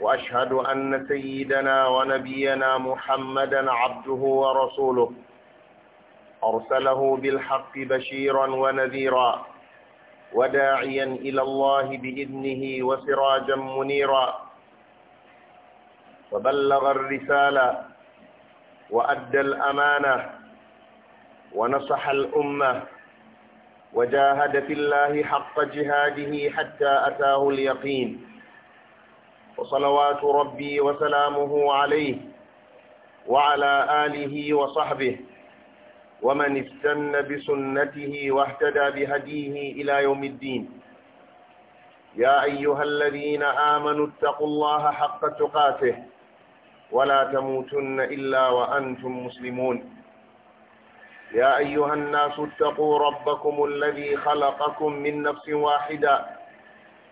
وأشهد أن سيدنا ونبينا محمدا عبده ورسوله أرسله بالحق بشيرا ونذيرا وداعيا إلى الله بإذنه وسراجا منيرا وبلغ الرسالة وأدى الأمانة ونصح الأمة وجاهد في الله حق جهاده حتى أتاه اليقين وصلوات ربي وسلامه عليه وعلى آله وصحبه ومن استن بسنته واهتدى بهديه إلى يوم الدين يا أيها الذين آمنوا اتقوا الله حق تقاته ولا تموتن إلا وأنتم مسلمون يا أيها الناس اتقوا ربكم الذي خلقكم من نفس واحدة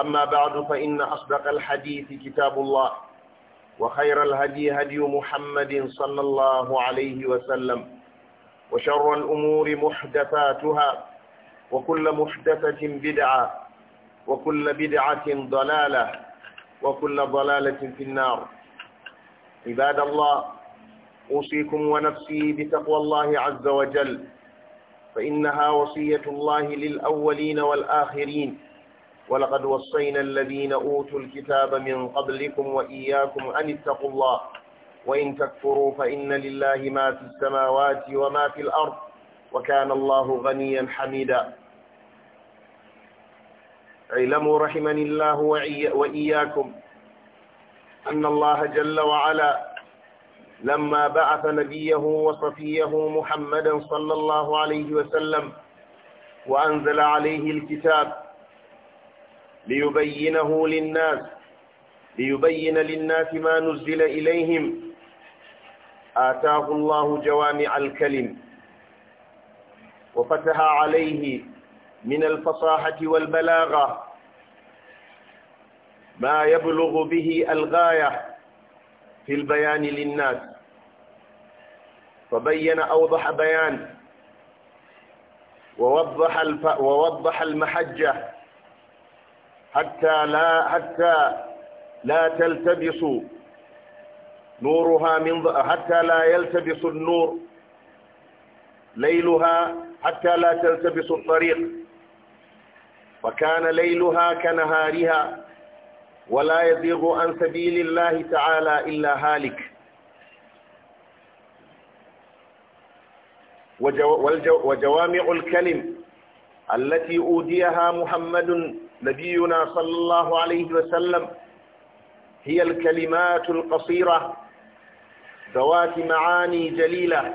أما بعد فإن أصدق الحديث كتاب الله وخير الهدي هدي محمد صلى الله عليه وسلم وشر الأمور محدثاتها وكل محدثة بدعة وكل بدعة ضلالة وكل ضلالة في النار عباد الله أوصيكم ونفسي بتقوى الله عز وجل فإنها وصية الله للأولين والآخرين ولقد وصينا الذين أوتوا الكتاب من قبلكم وإياكم أن اتقوا الله وإن تكفروا فإن لله ما في السماوات وما في الأرض وكان الله غنيا حميدا علموا رحمني الله وإياكم أن الله جل وعلا لما بعث نبيه وصفيه محمدا صلى الله عليه وسلم وأنزل عليه الكتاب ليبينه للناس ليبين للناس ما نزل إليهم آتاه الله جوامع الكلم وفتح عليه من الفصاحة والبلاغة ما يبلغ به الغاية في البيان للناس فبين أوضح بيان ووضح, الف... ووضح المحجة حتى لا حتى لا تلتبس نورها من حتى لا يلتبس النور ليلها حتى لا تلتبس الطريق وكان ليلها كنهارها ولا يزيغ عن سبيل الله تعالى إلا هالك وجوامع الكلم التي أوديها محمد نبينا صلى الله عليه وسلم هي الكلمات القصيرة ذوات معاني جليلة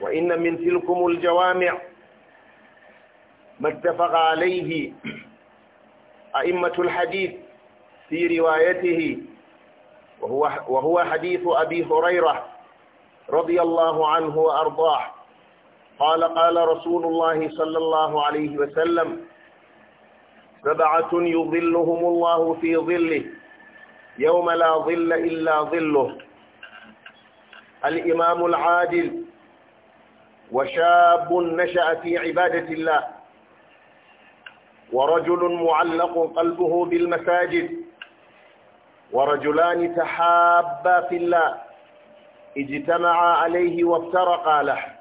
وإن من تلكم الجوامع ما اتفق عليه أئمة الحديث في روايته وهو, حديث أبي هريرة رضي الله عنه وأرضاه قال قال رسول الله صلى الله عليه وسلم سبعة يظلهم الله في ظله يوم لا ظل إلا ظله الإمام العادل وشاب نشأ في عبادة الله ورجل معلق قلبه بالمساجد ورجلان تحابا في الله اجتمعا عليه وافترقا له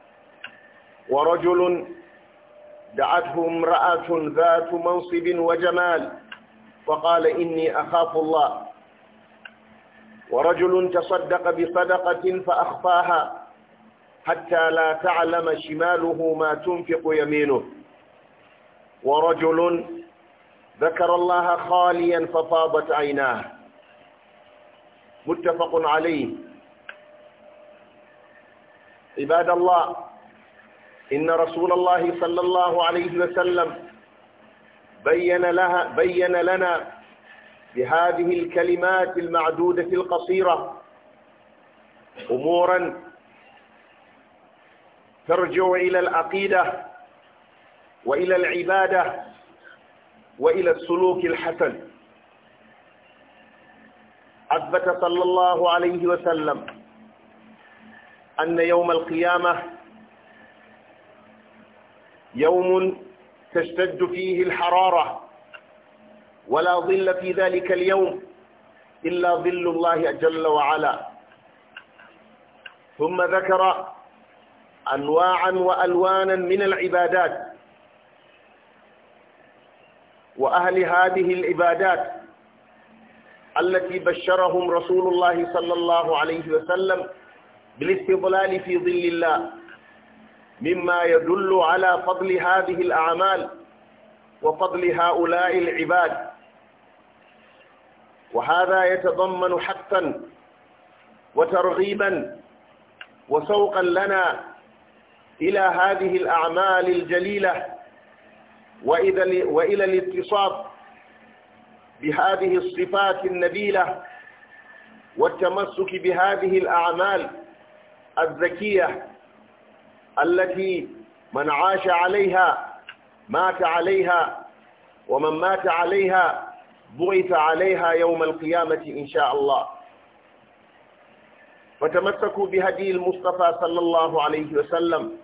ورجل دعته امرأة ذات منصب وجمال فقال إني أخاف الله ورجل تصدق بصدقة فأخفاها حتى لا تعلم شماله ما تنفق يمينه ورجل ذكر الله خاليا ففاضت عيناه متفق عليه عباد الله إن رسول الله صلى الله عليه وسلم بين, لها بين لنا بهذه الكلمات المعدودة القصيرة أمورا ترجع إلى العقيدة وإلى العبادة وإلى السلوك الحسن أثبت صلى الله عليه وسلم أن يوم القيامة يوم تشتد فيه الحرارة ولا ظل في ذلك اليوم إلا ظل الله جل وعلا ثم ذكر أنواعا وألوانا من العبادات وأهل هذه العبادات التي بشرهم رسول الله صلى الله عليه وسلم بالاستظلال في ظل الله مما يدل على فضل هذه الأعمال وفضل هؤلاء العباد وهذا يتضمن حثا وترغيبا وسوقا لنا إلى هذه الأعمال الجليلة وإلى الاتصاب بهذه الصفات النبيلة والتمسك بهذه الأعمال الذكية التي من عاش عليها مات عليها ومن مات عليها بعث عليها يوم القيامة إن شاء الله فتمسكوا بهدي المصطفى صلى الله عليه وسلم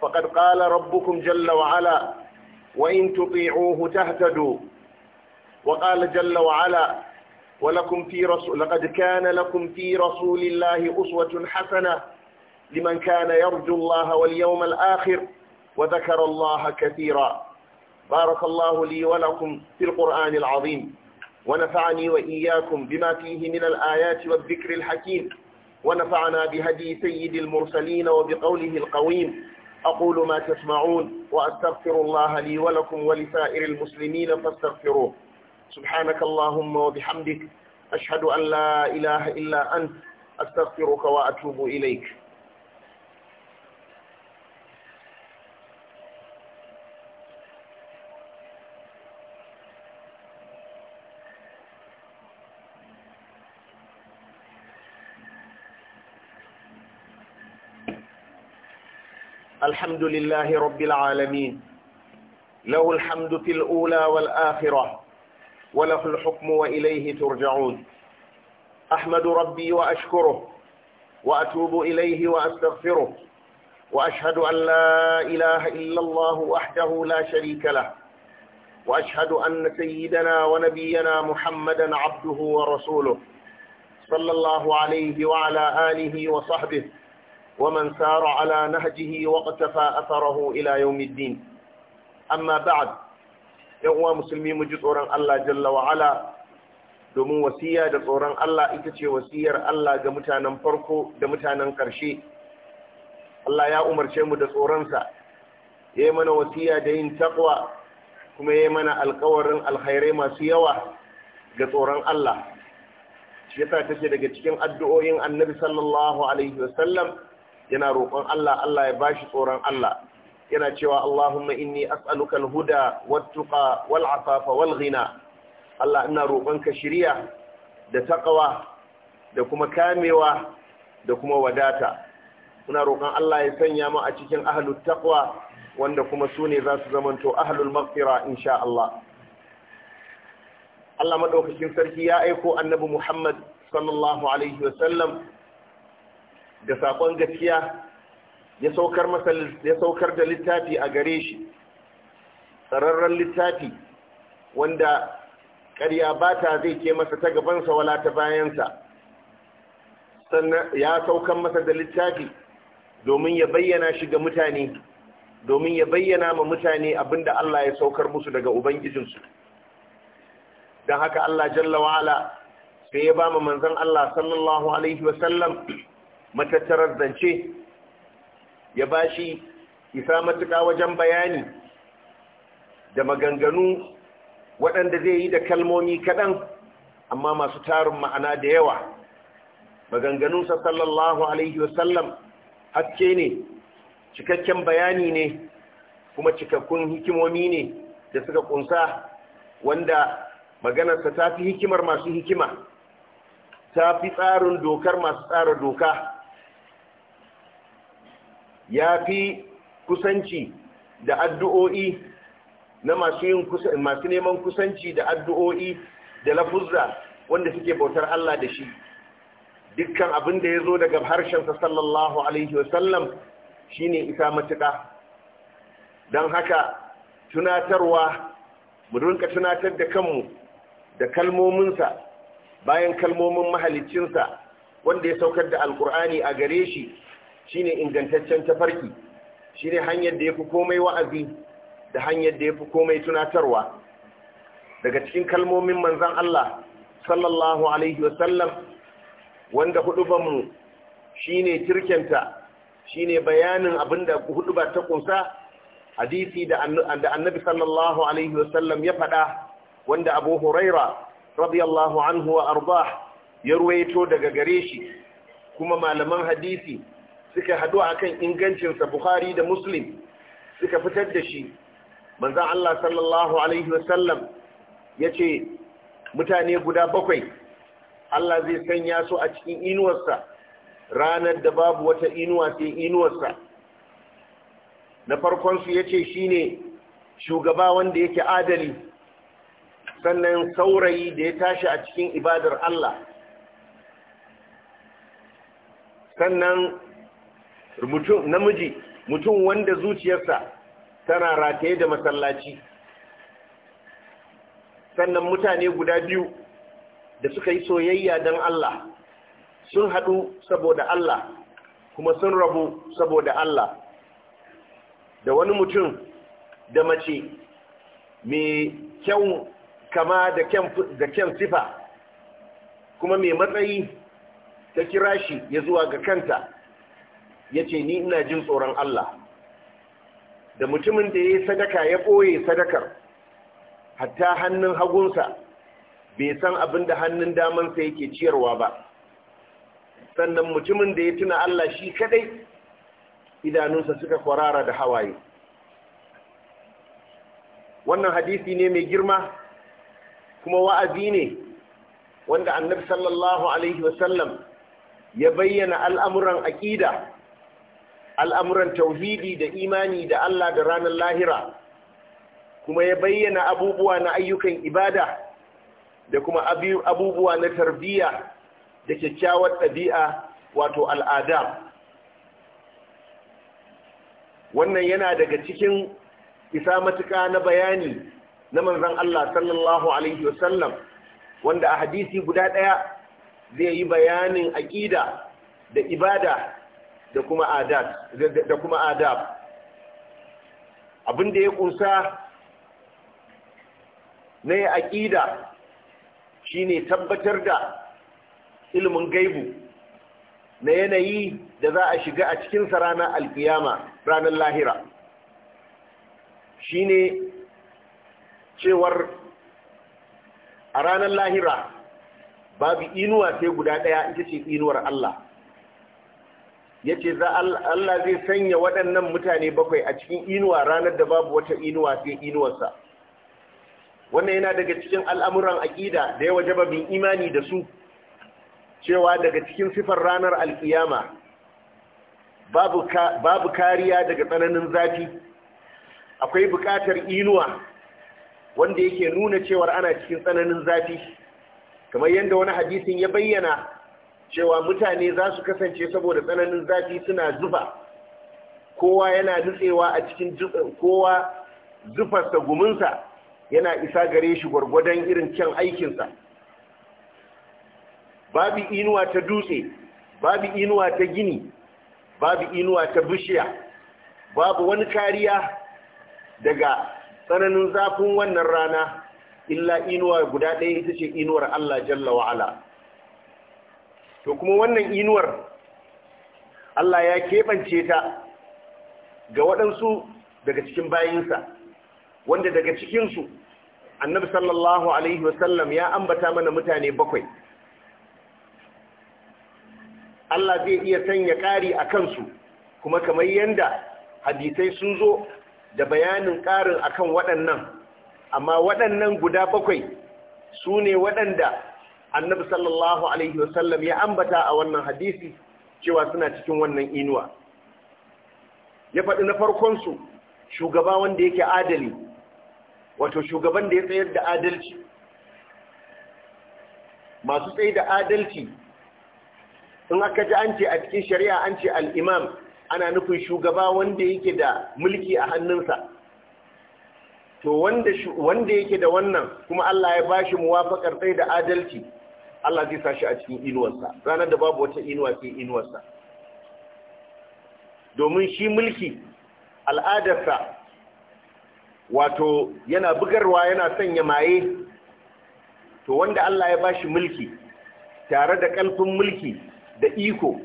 فقد قال ربكم جل وعلا وإن تطيعوه تهتدوا وقال جل وعلا ولكم في رسول لقد كان لكم في رسول الله أسوة حسنة لمن كان يرجو الله واليوم الآخر وذكر الله كثيرا بارك الله لي ولكم في القرآن العظيم ونفعني وإياكم بما فيه من الآيات والذكر الحكيم ونفعنا بهدي سيد المرسلين وبقوله القويم أقول ما تسمعون وأستغفر الله لي ولكم ولسائر المسلمين فاستغفروه سبحانك اللهم وبحمدك أشهد أن لا إله إلا أنت أستغفرك وأتوب إليك الحمد لله رب العالمين له الحمد في الأولى والآخرة وله الحكم وإليه ترجعون أحمد ربي وأشكره وأتوب إليه وأستغفره وأشهد أن لا إله إلا الله وحده لا شريك له وأشهد أن سيدنا ونبينا محمدا عبده ورسوله صلى الله عليه وعلى آله وصحبه ومن سار على نهجه واقتفى أثره إلى يوم الدين أما بعد يقوى ji tsoron الله جل وعلا domin wasiya da tsoron Allah ita ce wasiyar Allah ga mutanen farko da mutanen ƙarshe. Allah ya umarce mu da tsoronsa, ya yi mana wasiya da yin takwa kuma ya yi mana alkawarin alkhairai masu yawa ga tsoron Allah. Shi yasa tace daga cikin addu'o'in annabi sallallahu Alaihi wasallam yana roƙon Allah Allah ya bashi tsoron Allah yana cewa Allahumma inni as'aluka al-huda wat-tuqa wal-afafa wal-ghina Allah ina roƙonka shiriya da taqwa da kuma kamewa da kuma wadata ina roƙon Allah ya sanya mu a cikin ahlut taqwa wanda kuma su ne za su zamanto ahlul maghfira insha Allah Allah madaukakin sarki ya aiko annabi Muhammad sallallahu alaihi sallam. da sakon gaskiya ya saukar ya saukar da littafi a gare shi tsararren littafi wanda ƙarya bata zai ke masa ta gabansa wala ta bayansa sannan ya saukan masa da littafi domin ya bayyana shi ga mutane domin ya bayyana ma mutane abinda Allah ya saukar musu daga ubangijinsu don haka Allah jalla wa'ala sai ya ba ma manzon Allah sallallahu alaihi wa sallam. matattarar zance ya ba shi isa matuka wajen bayani da maganganu waɗanda zai yi da kalmomi kaɗan amma masu tarin ma'ana da yawa maganganunsa sallallahu alaihi wasallam haske ne cikakken bayani ne kuma cikakkun hikimomi ne da suka kunsa wanda maganarsa ta fi hikimar masu hikima ta fi tsarin dokar masu tsara doka ya fi kusanci da addu'o'i na masu masu neman kusanci da addu'o'i da lafuzza wanda suke bautar Allah da shi dukkan abin da ya zo daga harshensa sallallahu alaihi wasallam shi ne isa matuka. don haka tunatarwa mu tunatar da kanmu da kalmominsa bayan kalmomin mahalicinsa wanda ya saukar da alkur'ani a gare shi shine ingantaccen tafarki shine hanyar da yafi komai wa'azi da hanyar da yafi komai tunatarwa daga cikin kalmomin manzon Allah sallallahu alaihi wasallam wanda hudubanmu shine kirkenta, shine bayanin abinda hudubar ta kunsa hadisi da annabi sallallahu alaihi wasallam ya faɗa wanda abu huraira radiyallahu anhu wa arba ya ruwaito daga gare shi kuma malaman hadisi suka haɗu kan ingancinsa Bukhari da Muslim suka fitar da shi manzan Allah sallallahu Alaihi wasallam ya ce mutane guda bakwai Allah zai sanya su a cikin inuwarsa ranar da babu wata inuwa sai inuwarsa na farkonsu ya ce shi ne shugaba wanda yake adali sannan saurayi da ya tashi a cikin ibadar Allah sannan mutum namiji mutum wanda zuciyarsa tana rataye da masallaci sannan mutane guda biyu da suka yi soyayya don Allah sun haɗu saboda Allah kuma sun rabu saboda Allah da wani mutum da mace mai kyau kama da kyan sifa kuma mai matsayi ta kira shi ya zuwa ga kanta ya ce ni ina jin tsoron Allah da mutumin da ya yi sadaka ya ɓoye sadakar hatta hannun hagunsa bai san abin da hannun damansa yake ciyarwa ba sannan mutumin da ya tuna Allah shi kadai idanunsa suka kwarara da hawaye wannan hadisi ne mai girma kuma wa'azi ne wanda annabi sallallahu alaihi wasallam ya bayyana al'amuran aƙida al'amuran tauhidi da imani da Allah da ranar lahira kuma ya bayyana abubuwa na ayyukan ibada da kuma abubuwa na tarbiyya da kyakkyawar ɗabi'a wato al'ada wannan yana daga cikin isa matuka na bayani na manzan Allah sallallahu Alaihi wasallam wanda a hadisi guda ɗaya zai yi bayanin aƙida da ibada da kuma abin da adab abinda ya kunsa na ya aƙida shi ne tabbatar da ilimin gaibu na yanayi da za a shiga a cikinsa ranar alkiyama ranar lahira Shi ne cewar a ranar lahira babu inuwa sai guda ɗaya ita ce inuwar Allah ya ce Allah zai sanya waɗannan mutane bakwai a cikin inuwa ranar da babu wata inuwa sai inuwarsa wannan yana daga cikin al'amuran aƙida da ya waje babin imani da su cewa daga cikin sifar ranar alƙiyama babu kariya daga tsananin zafi akwai buƙatar inuwa wanda yake nuna cewar ana cikin tsananin zafi kamar yadda wani hadisin ya bayyana cewa mutane za su kasance saboda tsananin zafi suna zufa kowa yana dutsewa a cikin kowa zufarsa guminsa yana isa gare shi gwargwadon irin kyan aikinsa babu inuwa ta dutse babu inuwa ta gini babu inuwa ta bishiya babu wani kariya daga tsananin zafin wannan rana illa inuwa guda ɗaya ita ce inuwar Allah jalla wa'ala to kuma wannan inuwar Allah ya keɓance ta ga waɗansu daga cikin bayansa, wanda daga cikinsu annabi sallallahu alaihi wasallam ya ambata mana mutane bakwai Allah zai iya sanya ƙari a kansu kuma kamar yadda hadisai sun zo da bayanin ƙarin akan waɗannan amma waɗannan guda bakwai su ne waɗanda annabi sallallahu alaihi wasallam ya ambata a wannan hadisi cewa suna cikin wannan inuwa ya faɗi na farkonsu shugaba wanda yake adali wato shugaban da ya tsayar da adalci masu tsaye da adalci in aka ji an ce a cikin shari'a an ce al'imam ana nufin shugaba wanda yake da mulki a hannunsa to wanda yake da wannan kuma Allah ya bashi muwafakar tsaye da adalci Allah zai sashi a cikin inuwarsa ranar da babu wata inuwa sai inuwarsa domin shi mulki al'adarsa wato yana bugarwa yana sanya maye to wanda Allah ya bashi mulki tare da ƙalfin mulki da iko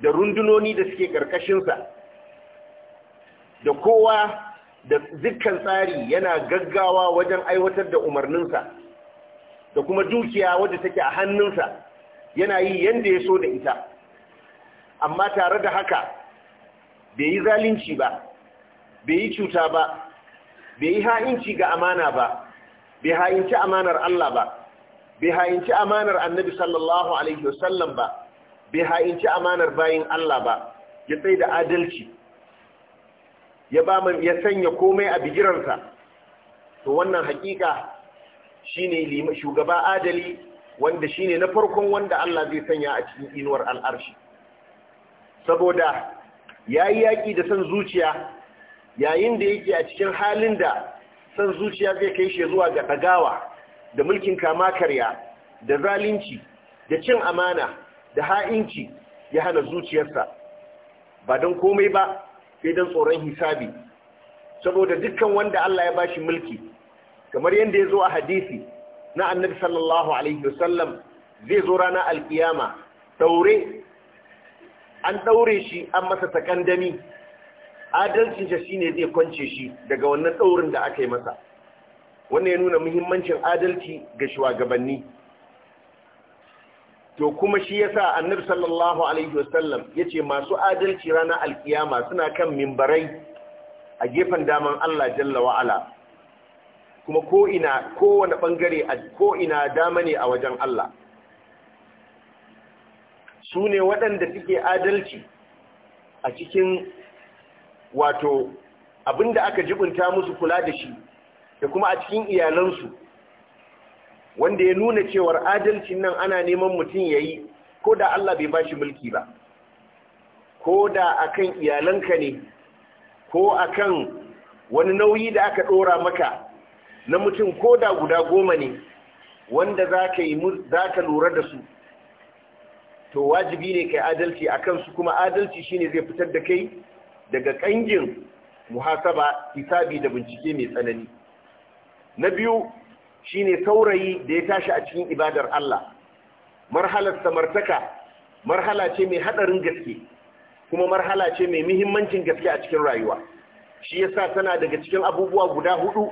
da rundunoni da suke ƙarƙashinsa da kowa da dukkan tsari yana gaggawa wajen aiwatar da umarninsa da kuma dukiya wadda take a hannunsa yana yi yadda ya so da ita amma tare da haka bai yi zalunci ba bai yi cuta ba bai yi ha'inci ga amana ba bai ha'inci amanar Allah ba bai ha'inci amanar annabi sallallahu alaihi wasallam ba bai ha'inci amanar bayin Allah ba ya tsaye da adalci ya ba sanya komai a bigiransa. to wannan hakika shine shugaba adali wanda shine na farkon wanda Allah zai sanya a cikin inuwar al'arshi saboda ya yi yaƙi da san zuciya yayin da yake a cikin halin da san zuciya zai kai shi zuwa ga ɗagawa, da mulkin kama karya da zalunci da cin amana da ha'inci ya hana zuciyarsa ba don komai ba sai don tsoron hisabi saboda dukkan wanda Allah ya ba shi mulki kamar yadda ya zo a hadisi na annabi sallallahu alaihi wasallam zai zo rana alkiyama daure an daure shi an masa takandami shi ne zai kwance shi daga wannan daurin da aka yi masa wannan ya nuna muhimmancin adalci ga shugabanni to kuma shi yasa annabi sallallahu alaihi wasallam yace masu adalci ranar alkiyama suna kan mimbarai a gefen daman Allah jalla wa ala kuma ko'ina kowane bangare a ina dama ne a wajen Allah su ne waɗanda suke adalci a cikin wato abinda aka jibinta musu kula da shi da kuma a cikin iyalansu wanda ya nuna cewar adalcin nan ana neman mutum ya yi ko da Allah bai ba shi mulki ba ko da akan iyalanka ne ko akan wani nauyi da aka ɗora maka na mutum ko da guda goma ne wanda za ka lura da su to wajibi ne kai adalci a kansu kuma adalci shine zai fitar da kai daga ƙangin muhasaba hisabi da bincike mai tsanani na biyu shine saurayi da ya tashi a cikin ibadar Allah marhalar samartaka marhala ce mai hadarin gaske kuma marhala ce mai muhimmancin gaske a cikin rayuwa shi yasa tana daga cikin abubuwa guda hudu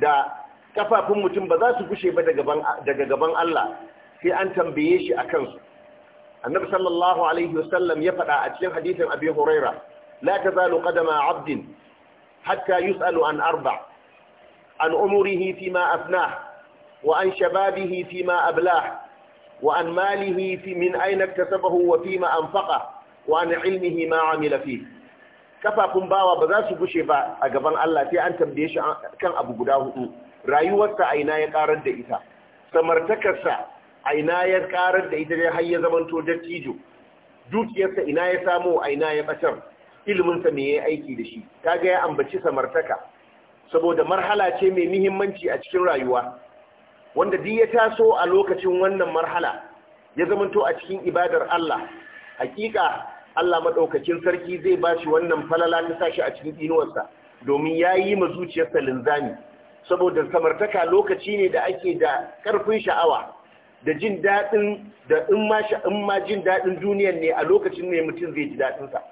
da kafafun mutum ba za su gushe ba daga gaban Allah sai an tambaye shi a kansu annabi sallallahu alaihi wasallam ya faɗa a cikin hadisin abi huraira la tazalu qadama abdin hatta yus'alu an arba an umurihi fima afna wa an shababihi fima abla wa an malihi min aina sabahu wa fima anfaqa wa an ilmihi ma amila fihi kafafun bawa ba za su gushe ba a gaban Allah sai an tambaye shi kan abu guda hudu rayuwarsa a ina ya karar da ita samartakarsa a ina ya karar da ita dai har ya zamanto dattijo dukiyarsa ina ya samu a ina ya batar iliminsa me yayi aiki da shi kaga ya ambaci samartaka saboda marhala ce mai muhimmanci a cikin rayuwa wanda duk ya taso a lokacin wannan marhala ya zamanto a cikin ibadar Allah hakika Allah maɗaukacin sarki zai ba shi wannan falala ta sashi a cikin inuwarsa domin ya yi ma zuciyarsa linzami saboda samartaka lokaci ne da ake da ƙarfin sha'awa da jin daɗin da in ma jin daɗin duniyar ne a lokacin ne mutum zai ji daɗinsa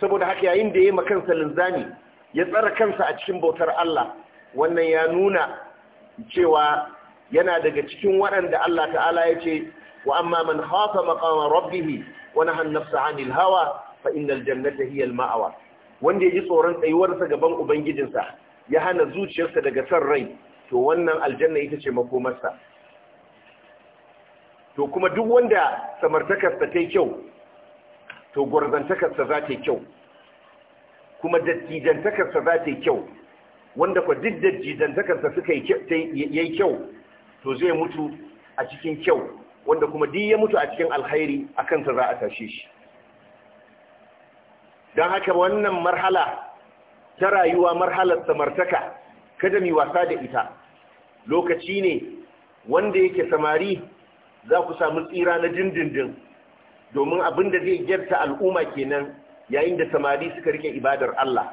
saboda haka yayin da ya ma kansa linzami ya tsara kansa a cikin bautar Allah wannan ya nuna cewa yana daga cikin waɗanda Allah ta'ala ya ce وأما من خاف مقام ربه ونهى النفس عن الهوى فإن الجنة هي المأوى wanda ya ji tsoron tsayuwarsa gaban ubangijinsa ya hana zuciyarsa daga san rai to wannan aljanna ita ce makomarsa to kuma duk wanda samartakarsa ta yi kyau to gwarzantakarsa za ta yi kyau kuma dattijantakarsa za ta yi kyau wanda kwa duk dattijantakarsa suka yi kyau to zai mutu a cikin kyau wanda kuma duk ya mutu a cikin alkhairi a kansa za a tashe shi don haka wannan marhala ta rayuwa marhalar samartaka kada mai wasa da ita lokaci ne wanda yake samari za ku samu tsira na dindindin domin abin da zai gyarta al'umma kenan yayin da samari suka rike ibadar Allah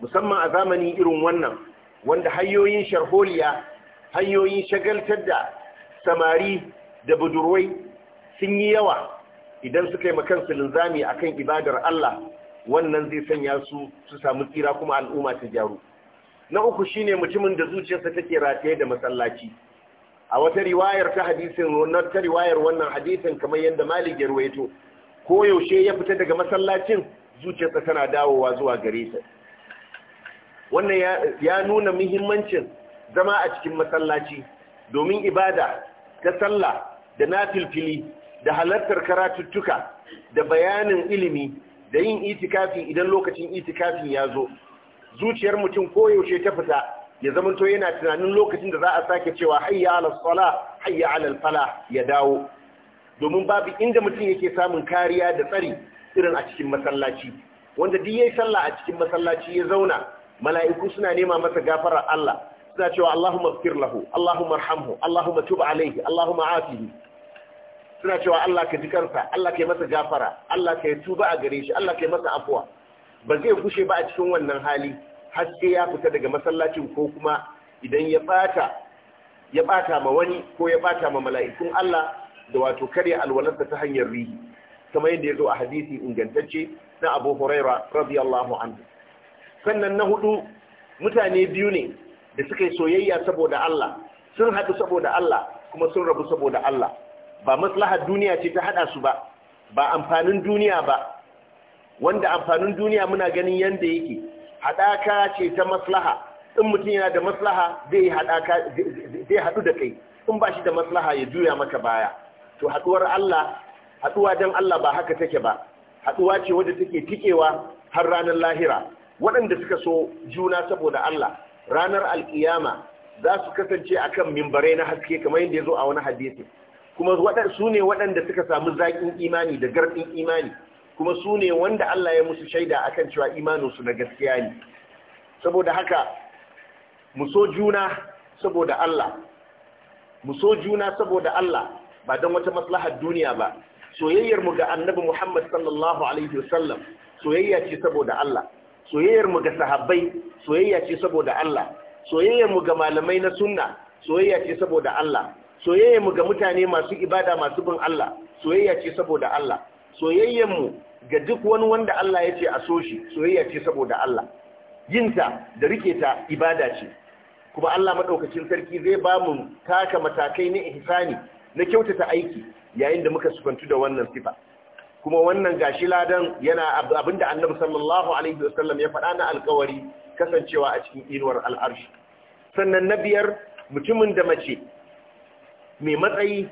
musamman a zamani irin wannan wanda hanyoyin sharholiya hanyoyin shagaltar da samari da budurwai sun yi yawa idan suka yi makansu linzami a kan ibadar Allah wannan zai sanya su su samu tsira kuma al'umma ta jaru. na uku shi ne mutumin da zuciyarsa take rataye da masallaci a wata riwayar ta hadisin wannan ta riwayar wannan hadisin kamar yadda Malik ya ruwaito ko yaushe ya fita daga masallacin zuciyarsa tana dawowa zuwa gare sa wannan ya nuna muhimmancin zama a cikin masallaci domin ibada ta sallah da nafilfili da halartar karatuttuka da bayanin ilimi da yin itikafi idan lokacin itikafi ya zo zuciyar mutum koyaushe ta fita ya zamanto yana tunanin lokacin da za a sake cewa hayya ala sala hayya ala fala ya dawo domin babu inda mutum yake samun kariya da tsari irin a cikin masallaci wanda duk yayi sallah a cikin masallaci ya zauna mala'iku suna nema masa gafarar Allah suna cewa Allahumma ighfir lahu Allahumma arhamhu Allahumma tub alayhi Allahumma afihi suna cewa Allah ka ji kansa Allah ka yi masa gafara Allah ka yi tuba a gare shi Allah ka yi masa afuwa ba zai gushe ba a cikin wannan hali Haske ya fita daga masallacin ko kuma idan ya bata ya bata ma wani ko ya bata ma mala'ikun Allah da wato karya alwalarsa ta hanyar rihi kamar yadda ya zo a hadisi ingantacce na Abu Huraira radiyallahu anhu sannan na hudu mutane biyu ne da suka yi soyayya saboda Allah sun haɗu saboda Allah kuma sun rabu saboda Allah ba maslahar duniya ce ta hada su ba ba amfanin duniya ba wanda amfanin duniya muna ganin yanda yake hadaka ce ta maslaha in mutum yana da maslaha zai hadaka zai hadu da kai in ba shi da maslaha ya juya maka baya to haduwar Allah haduwa dan Allah ba haka take ba haduwa ce wadda take tikewa har ranar lahira waɗanda suka so juna saboda Allah ranar alkiyama za su kasance akan mimbare na haske kamar yadda ya zo a wani hadisi kuma su ne waɗanda suka samu zaƙin imani da garɗin imani kuma su ne wanda Allah ya musu shaida a kan cewa imaninsu na gaskiya ne saboda haka mu so juna saboda Allah mu so juna saboda Allah ba don wata maslahar duniya ba Soyayyarmu ga annabi Muhammad sallallahu alaihi wasallam soyayya ce saboda Allah Soyayyarmu ga sahabbai soyayya ce saboda Allah soyayyar mu ga malamai na sunna soyayya ce saboda Allah soyayyen mu ga mutane masu ibada masu bin Allah soyayya ce saboda Allah soyayyen mu ga duk wani wanda Allah ya ce a so shi soyayya ce saboda Allah yinta da rike ta ibada ce kuma Allah madaukakin sarki zai ba mu taka matakai na ihsani na kyautata aiki yayin da muka sufantu da wannan sifa kuma wannan gashi ladan yana abinda Annabi sallallahu alaihi wasallam ya faɗa na alƙawari kasancewa a cikin inuwar al'arshi sannan na biyar mutumin da mace mai matsayi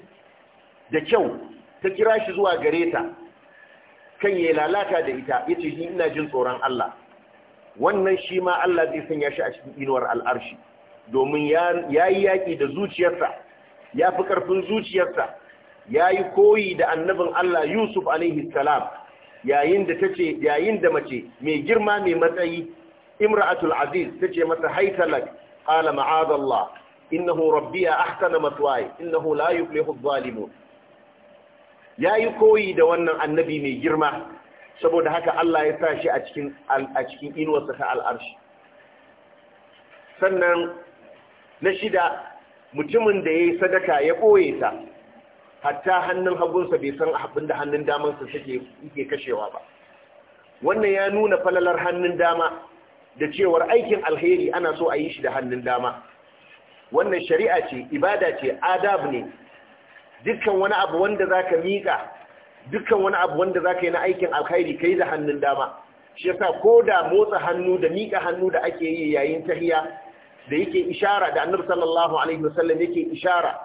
da kyau ta kira shi zuwa gare ta kan ya lalata da ita ya ce ina jin tsoron Allah wannan shi ma Allah zai sanya shi a cikin inuwar al'arshi domin ya yi yaƙi da zuciyarsa ya fi ƙarfin zuciyarsa ya yi koyi da annabin Allah Yusuf alaihi salam yayin da ta ce yayin da mace mai girma mai matsayi imra'atul aziz ta ce masa haitalak qala ma'adallah innahu rabbiya ahsana matwaye innahu la yuflihu zalimun yayi koyi da wannan annabi mai girma saboda haka Allah ya sa shi a cikin a cikin inuwarsa ta al'arshi sannan na shida mutumin da yayi sadaka ya boye ta hatta hannun hagunsa bai san abin da hannun damansa take yake kashewa ba wannan ya nuna falalar hannun dama da cewar aikin alheri ana so a yi shi da hannun dama wannan shari'a ce ibada ce adab ne dukkan wani abu wanda zaka mika dukkan wani abu wanda zaka yi na aikin alkhairi kai da hannun dama shi yasa ko da motsa hannu da mika hannu da ake yi yayin tahiya da yake ishara da annabi sallallahu alaihi wasallam yake ishara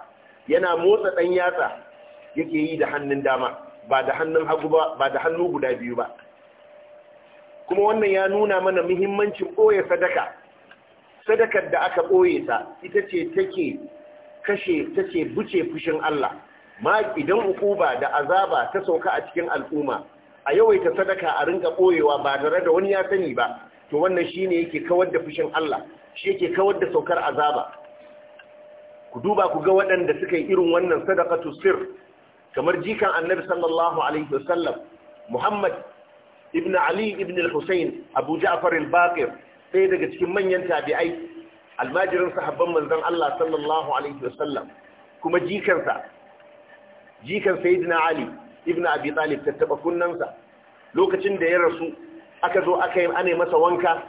yana motsa dan yatsa yake yi da hannun dama ba da hannun hagu ba ba da hannu guda biyu ba kuma wannan ya nuna mana muhimmancin ɓoye sadaka sadakar da aka ɓoye ta ita ce take kashe ce buce fushin Allah ma idan ukuba da azaba ta sauka a cikin al'umma a yawaita sadaka a rinka ɓoyewa ba tare da wani ya sani ba to wannan shi ne yake kawar da fushin Allah shi yake kawar da saukar azaba ku duba ku ga waɗanda suka yi irin wannan sadaqatu sir kamar jikan annabi sallallahu alaihi wasallam Muhammad ibn Ali ibn al-Husayn Abu Ja'far al-Baqir sai daga cikin manyan tabi'ai almajirin sahabban manzon Allah sallallahu alaihi wasallam kuma jikansa jikan sayyidina Ali ibn Abi Talib tattaba kunnansa lokacin da ya rasu aka zo aka yi ane masa wanka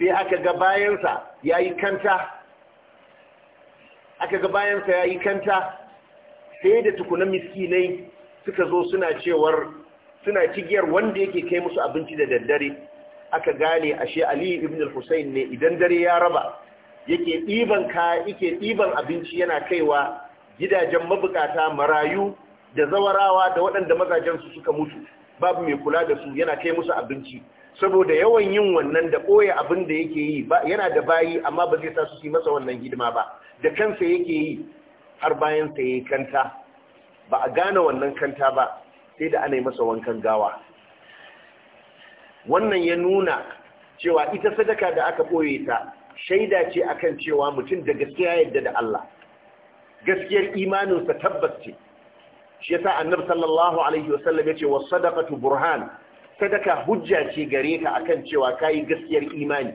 sai aka ga bayansa yayi kanta aka ga bayansa yayi kanta sai da tukunan miskinai suka zo suna cewar suna cigiyar wanda yake kai musu abinci da daddare aka gane ashe Ali ibn al-Husayn ne idan dare ya raba yake diban ka yake ɗiban abinci yana kaiwa gidajen mabukata marayu da zawarawa da waɗanda mazajen su suka mutu babu mai kula da su yana kai musu abinci saboda yawan yin wannan da ɓoye abin da yake yi yana da bayi amma ba zai sa su masa wannan hidima ba da kansa yake yi har bayan sa yayi kanta ba a gane wannan kanta ba sai da ana masa wankan gawa wannan ya nuna cewa ita sadaka da aka ɓoye ta shaida ce akan cewa mutum da gaskiya yadda da Allah gaskiyar imaninsa tabbas ce shi yasa annab sallallahu alaihi wasallam yace wa sadaqatu burhan sadaka hujja ce gare ka akan cewa kayi gaskiyar imani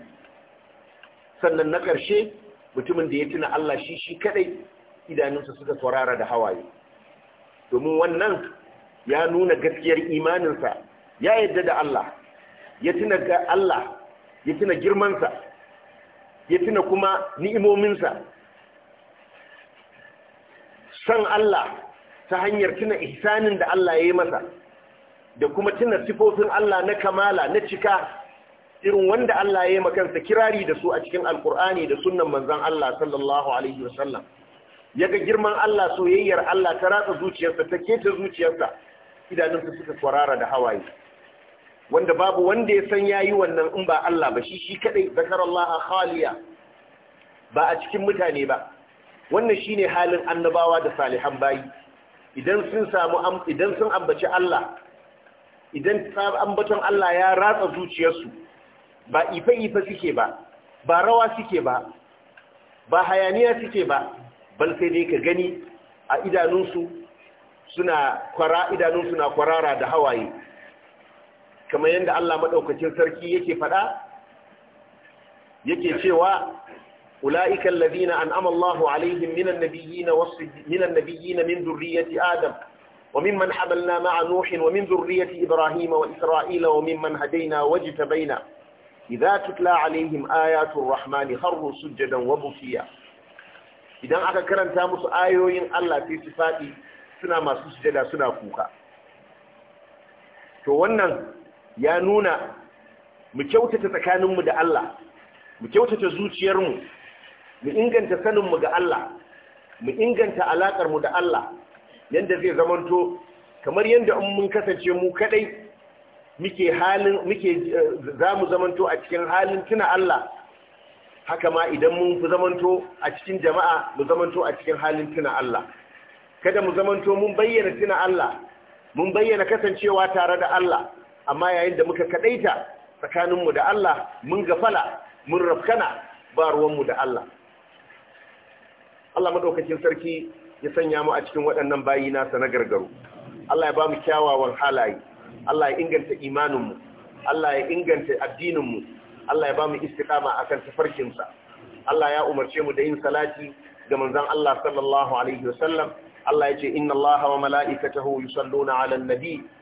sannan na ƙarshe mutumin da ya tuna Allah shi shi kadai idanunsa suka tsorara da hawaye domin wannan ya nuna gaskiyar imaninsa ya yadda da Allah ya tuna ga Allah ya tuna girmansa ya tuna kuma ni'imominsa san Allah ta hanyar tuna ihsanin da Allah ya yi masa da kuma tuna sifofin Allah na kamala na cika irin wanda Allah ya yi makansa kirari da su a cikin alkur'ani da sunan manzan Allah sallallahu alaihi wasallam ya ga girman Allah soyayyar Allah ta ratsa zuciyarsa ta keta zuciyarsa idanunsa suka kwarara da hawaye wanda babu wanda ya san yayi wannan in ba Allah ba shi shi kadai zakarallaha khaliya ba a cikin mutane ba wannan shine halin annabawa da salihan bayi idan sun samu idan sun ambaci Allah idan ambaton Allah ya ratsa zuciyarsu ba ife-ife suke ba ba rawa suke ba ba hayaniya suke ba bal sai dai ka gani a idanunsu suna kwara idanunsu na kwarara da hawaye kamar yadda Allah maɗaukacin sarki yake faɗa yake cewa ula'ikan allazina an'ama Allahu alaihim minan nabiyina minan nabiyina min zurriyyati Adam wa mimman hamalna ma'a Nuhin wa min zurriyyati Ibrahim wa Isra'ila wa mimman hadaina wajtabaina idza tutla alaihim ayatul rahmani kharru sujadan wa bukiya idan aka karanta musu ayoyin Allah sai su faɗi suna masu sujada suna kuka to wannan ya nuna mu kyautata tsakaninmu da Allah mu kyautata zuciyarmu mu inganta saninmu ga Allah mu inganta alaƙarmu da Allah yadda zai zamanto kamar yadda in mun kasance mu kadai muke halin muke eh, za mu zamanto a cikin halin tuna Allah haka ma idan mun fi zamanto a cikin jama'a mu zamanto a cikin halin tuna Allah kada mu zamanto mun bayyana tuna Allah mun bayyana kasancewa tare da Allah amma yayin da muka kadaita tsakaninmu da Allah mun gafala mun rafkana ba ruwanmu da Allah Allah madaukakin sarki ya sanya mu a cikin waɗannan bayi nasa na gargaro Allah ya ba mu kyawawan halaye Allah ya inganta imaninmu Allah ya inganta addininmu Allah ya ba mu istiqama akan tafarkinsa Allah ya umarce mu da yin salati ga manzon Allah sallallahu alaihi wasallam Allah ya ce inna Allaha wa mala'ikatahu yusalluna 'alan nabi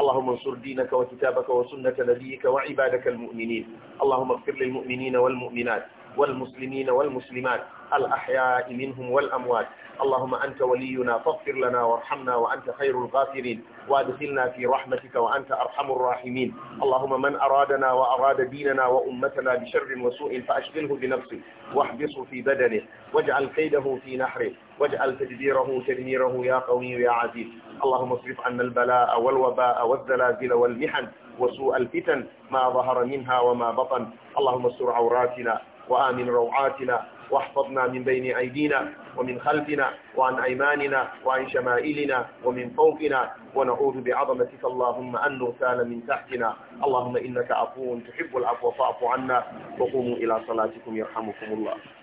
اللهم انصر دينك وكتابك وسنة نبيك وعبادك المؤمنين اللهم اغفر للمؤمنين والمؤمنات والمسلمين والمسلمات الأحياء منهم والأموات اللهم أنت ولينا فاغفر لنا وارحمنا وأنت خير الغافرين وادخلنا في رحمتك وأنت أرحم الراحمين اللهم من أرادنا وأراد ديننا وأمتنا بشر وسوء فأشغله بنفسه واحبسه في بدنه واجعل كيده في نحره واجعل تدبيره تدميره يا قوي يا عزيز اللهم اصرف عنا البلاء والوباء والزلازل والمحن وسوء الفتن ما ظهر منها وما بطن اللهم استر عوراتنا وآمن روعاتنا واحفظنا من بين أيدينا ومن خلفنا وعن أيماننا وعن شمائلنا ومن فوقنا ونعوذ بعظمتك اللهم أن نغتال من تحتنا اللهم إنك عفو تحب العفو فاعف عنا وقوموا إلى صلاتكم يرحمكم الله